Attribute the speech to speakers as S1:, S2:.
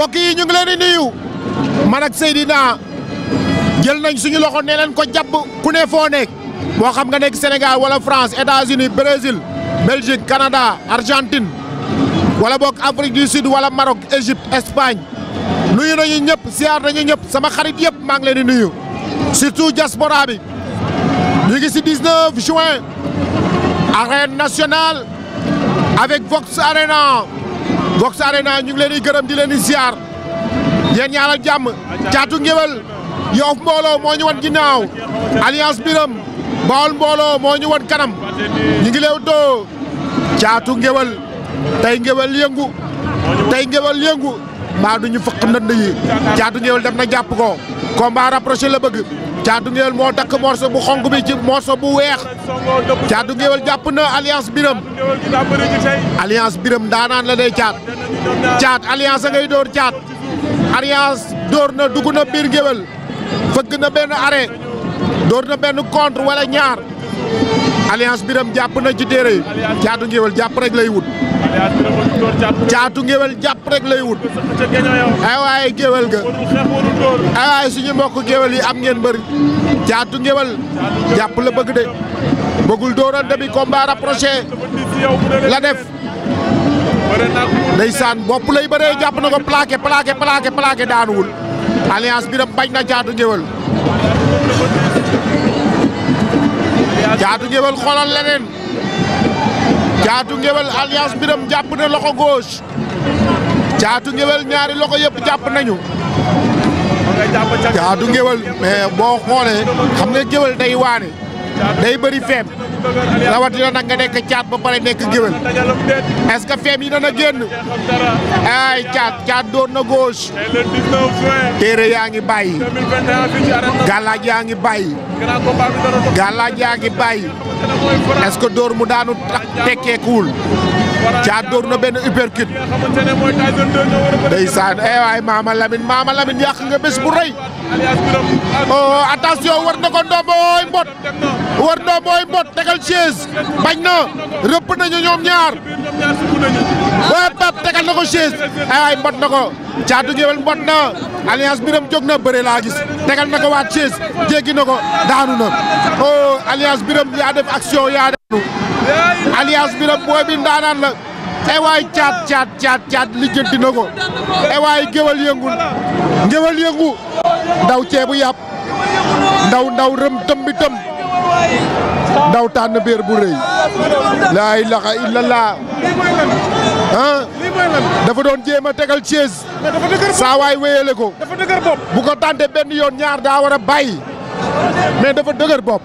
S1: mbokk yi ñu ngi leen di nuyu man ak Seydina jël nañ suñu loxo ne leen ko jàpp ku ne foo nekk boo xam nga nekk Sénégal wala France États-Unis Brésil Belgique Canada Argentine wala boog Afrique du Sud wala Maroc Égypte Espagne nuyu nañu ñëpp siyaar nañu ñëpp sama xarit yëpp maa ngi leen di nuyu surtout diaspora bi ñu si 19 juin arène avec Vox Arena Vox Arena ñu ngi leen di gërëm di leen di ziar yéen ñaanal jàmm caatu ngéwél Yoff mbooloo moo ñu wan ginnaaw alliance biram Bawol mbooloo moo ñu wan kanam ñu ngi leew too caatu ngéwél tey ngéwél yëngu tey ngéwél yëngu mbaa du ñu fëq ndënd yi caatu ngéwél def na jàpp ko combat rapproché la caatu ngéwél moo takk morso bu xonk bi ci morso bu weex caatu ngéwél jàpp na alliance biram alliance biram daanaan la day caat caat alliance ngay dóor caat alliance dóor na dugg na biir ngéwél fëgg na benn arrêt door na benn contre wala ñaar alliance biram jàpp na ci téere yi caatu ngéwél jàpp rek lay wut caatu ngéwél jàpp rek lay wut ay waaye géwél ga ay waaye suñu mbokk géwél yi am ngeen bëri caatu ngéwél jàpp la bëgg de bëggul dóorante bi combat rapproché la def ndeysaan bopp lay bëree jàpp na ko plaqué plaqué plaqué plaqué daanuwul alliance biram bañ na caatu ngéwél caatu ngéwél xoolal leneen caatu ngéwél alliance biram jàpp na loxo gauche caatu ngéwél ñaari loxo yëpp jàpp nañu caatu ngéwél mais boo xoolee xam nga ngéwél day waane day bëri feem rawatina nag nga nekk caat ba pare nekk géwél est-ce que feem yi dana génn ay caat caat doon na gauche téere yaa ngi bàyyi gàllaaj yaa ngi bàyyi gàllaaj yaa ngi bàyyi est que dóor mu daanu tekkeekuwul caat door na benn uppercut ndeysaan eh waay Mama Lamine Mama nga bés bu rëy oh attention war na ko ndomboy mbot war ndomboy mbot tegal chaise bañ na rëpp nañu ñoom ñaar ba pap tegal na ko chaise eh mbot na ko caatu géwél mbot na alliance biram jóg na bëre laa gis tegal na ko waat chaise jéggi na ko daanu na oh alliance biram yaa def action yaa daanu alliance bi nag booy bi ndaanaan la ewaay caat caat caat caat lijjanti na ko ewaay géwal yëngul géwal yëngu ndaw ceebu yàpp ndaw ndaw rëm tëmbi tëm ndaw tànn béer bu rëy laa ilaha illallah ah dafa doon jéem a tegal chaise saa waay wéyale ko bu ko tànte benn yoon ñaar daa war bàyyi mais dafa dëgër bopp